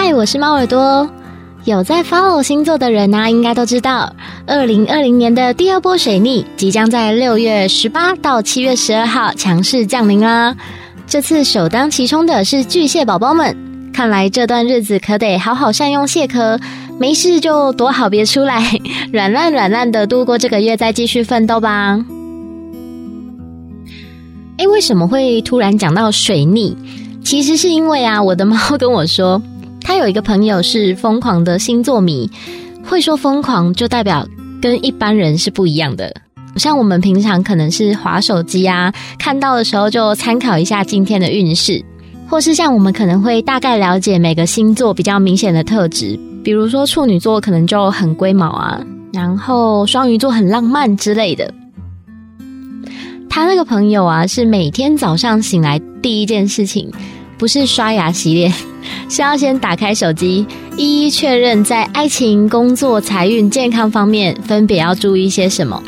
嗨，我是貓耳朵。有在 follow 星座的人呢、啊，應該都知道，二零二零年的第二波水逆即將在六月十八到七月十二號強勢降臨啦。這次首當其衝的是巨蟹寶寶們，看來這段日子可得好好善用蟹殼，沒事就躲好別出來，軟爛軟爛的度過這個月，再繼續奮鬥吧。哎，為什麼會突然講到水逆？其實是因為啊，我的貓跟我說。他有一個朋友是瘋狂的星座迷，會說瘋狂就代表跟一般人是不一樣的。像我們平常可能是滑手機啊，看到的時候就參考一下今天的運勢，或是像我們可能會大概了解每個星座比較明顯的特質，比如說處女座可能就很龜毛啊，然後雙魚座很浪漫之類的。他那個朋友啊，是每天早上醒來第一件事情不是刷牙洗臉是要先打開手機，一一確認在愛情、工作、財運、健康方面分別要注意一些什麼。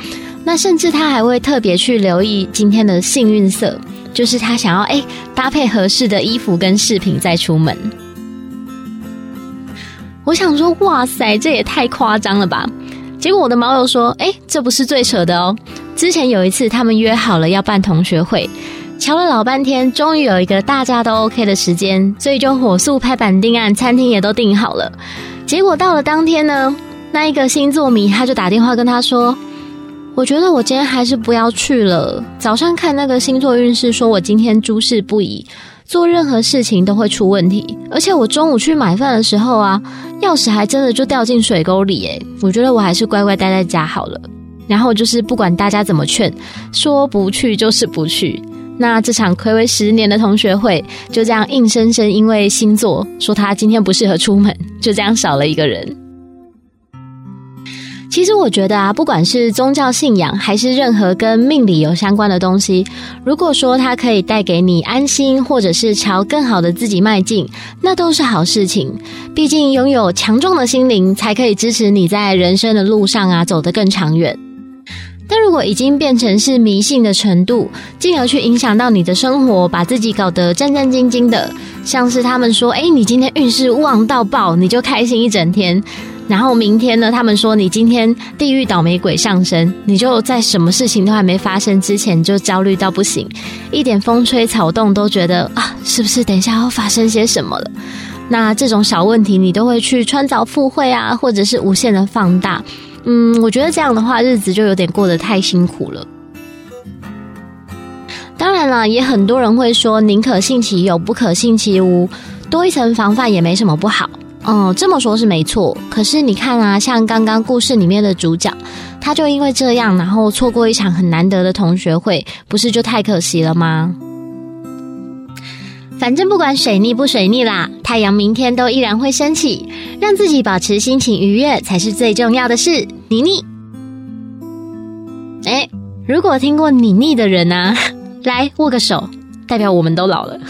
那甚至他還會特別去留意今天的幸運色，就是他想要誒、欸、搭配合適的衣服跟飾品再出門。我想說，哇塞，這也太誇張了吧！結果我的貓友說，誒、欸，這不是最扯的哦。之前有一次，他們約好了要辦同學會。敲了老半天，終於有一個大家都 OK 的時間，所以就火速拍板定案，餐廳也都定好了。結果到了當天呢，那一個星座迷他就打電話跟他說：“我覺得我今天還是不要去了。早上看那個星座運勢，說我今天諸事不宜，做任何事情都會出問題。而且我中午去買飯的時候啊，鑰匙還真的就掉進水溝裡。誒，我覺得我還是乖乖待在家好了。然後就是不管大家怎麼勸，說不去就是不去。”那這場暌違十年的同學會，就這樣硬生生因為星座說他今天不適合出門，就這樣少了一個人。其實我覺得啊，不管是宗教信仰，還是任何跟命理有相關的東西，如果說它可以帶給你安心，或者是朝更好的自己邁進，那都是好事情。畢竟擁有強壯的心靈，才可以支持你在人生的路上啊，走得更長遠。但如果已經變成是迷信的程度，進而去影響到你的生活，把自己搞得戰戰兢兢的，像是他們說，誒，你今天運勢旺到爆，你就開心一整天；然後明天呢，他們說你今天地獄倒霉鬼上身，你就在什麼事情都還沒發生之前就焦慮到不行，一點風吹草動都覺得啊，是不是等一下要發生些什麼了？那這種小問題你都會去穿鑿附會啊，或者是無限的放大。嗯，我覺得這樣的話，日子就有點過得太辛苦了。當然了，也很多人會說，寧可信其有，不可信其無，多一層防範也沒什麼不好。嗯，這麼說是沒錯。可是你看啊，像剛剛故事裡面的主角，他就因為這樣，然後錯過一場很難得的同學會，不是就太可惜了嗎？反正不管水逆不水逆啦，太陽明天都依然會升起，讓自己保持心情愉悅才是最重要的事。你逆，哎，如果聽過你逆的人啊，來握個手，代表我們都老了。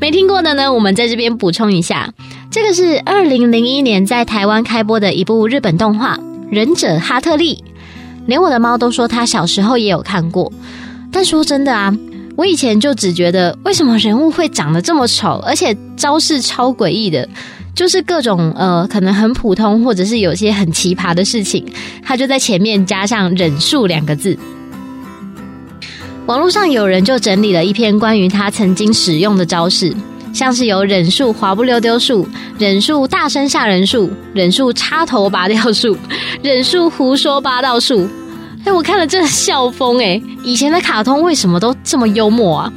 沒聽過的呢，我們在這邊補充一下，這個是二零零一年在台灣開播的一部日本動畫《忍者哈特利》，連我的貓都說它小時候也有看過。但說真的啊。我以前就只覺得，為什麼人物會長得這麼醜，而且招式超詭異的，就是各種呃，可能很普通，或者是有些很奇葩的事情，他就在前面加上“忍術”兩個字。網絡上有人就整理了一篇關於他曾經使用的招式，像是有忍術滑不溜丟術、忍術大聲嚇人術、忍術插頭拔掉術、忍術胡說八道術。哎、欸，我看了真的笑瘋哎、欸！以前的卡通為什麼都這麼幽默啊？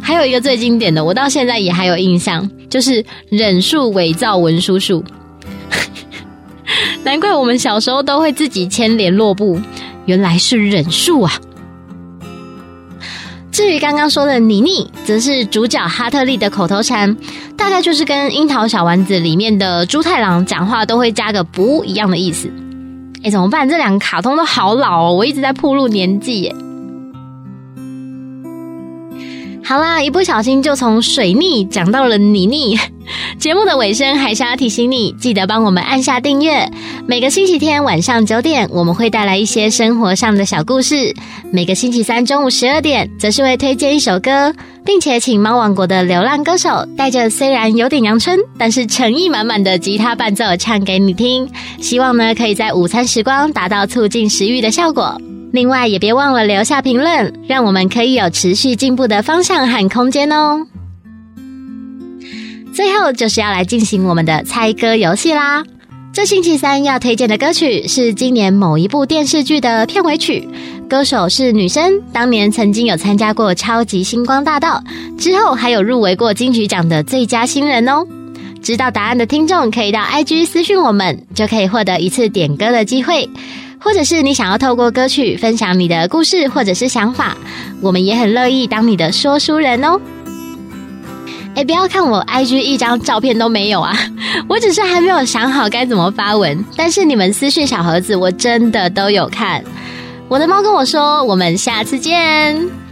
還有一個最經典的，我到現在也還有印象，就是忍術偽造文書術。 難怪我們小時候都會自己簽聯絡簿，原來是忍術啊！至於剛剛說的“妮妮”，則是主角哈特利的口頭禪，大概就是跟櫻桃小丸子裡面的豬太郎講話都會加個不一樣的意思。哎、欸，怎麼辦？這兩個卡通都好老哦，我一直在暴露年紀耶。好啦，一不小心就從水逆講到了你逆。節目的尾聲，還是要提醒你，記得幫我們按下訂閱。每個星期天晚上九點，我們會帶來一些生活上的小故事；每個星期三中午十二點，則是會推薦一首歌，並且請貓王國的流浪歌手帶着雖然有點陽春，但是誠意滿滿的吉他伴奏唱給你聽。希望呢，可以在午餐時光達到促進食慾的效果。另外，也別忘了留下評論，讓我們可以有持續進步的方向和空間哦。最後就是要來進行我們的猜歌遊戲啦！這星期三要推薦的歌曲是今年某一部電視劇的片尾曲，歌手是女生，當年曾經有參加過超級星光大道，之後還有入圍過金曲獎的最佳新人哦。知道答案的聽眾可以到 IG 私訊我們，就可以獲得一次點歌的機會，或者是你想要透過歌曲分享你的故事或者是想法，我們也很樂意當你的說書人哦。哎、欸，不要看我 IG 一張照片都沒有啊！我只是還沒有想好該怎麼發文，但是你們私訊小盒子我真的都有看。我的貓跟我說，我們下次見。